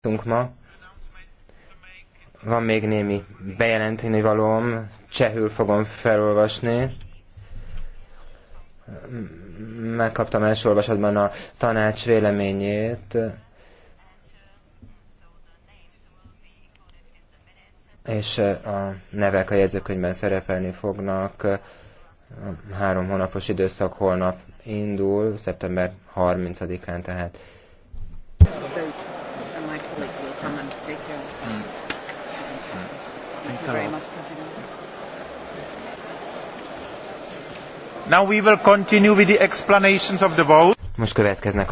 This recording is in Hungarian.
tartunk ma. Van még némi bejelenteni valóm, csehül fogom felolvasni. Megkaptam első olvasatban a tanács véleményét. És a nevek a jegyzőkönyvben szerepelni fognak. Három hónapos időszak holnap indul, szeptember 30-án tehát come and take care of that. Mm. Hmm. Thank you very much, President. Now we will continue with the explanations of the vote. Most következnek a